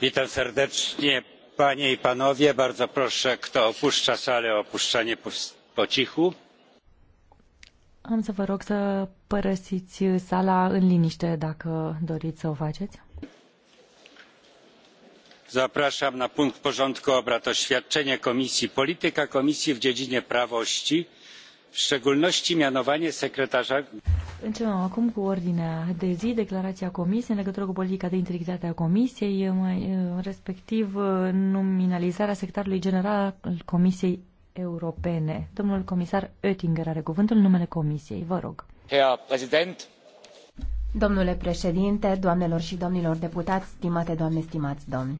witam serdecznie panie i panowie bardzo proszę kto opuszcza salę o opuszczenie po cichu. Am să vă rog să părăsiți sala în liniște dacă doriți să o faceți. Zapraszam na punkt porządku obrad oświadczenie Komisji Polityka Komisji w dziedzinie prawości w szczególności mianowanie sekretarza... Începem acum cu ordinea de zi, declarația Comisiei în legătură cu politica de integritate a Comisiei, respectiv nominalizarea secretarului general al Comisiei Europene. Domnul comisar Oettinger are cuvântul în numele Comisiei. Vă rog. Herr Präsident. Domnule președinte, doamnelor și domnilor deputați, stimate doamne, stimați domni.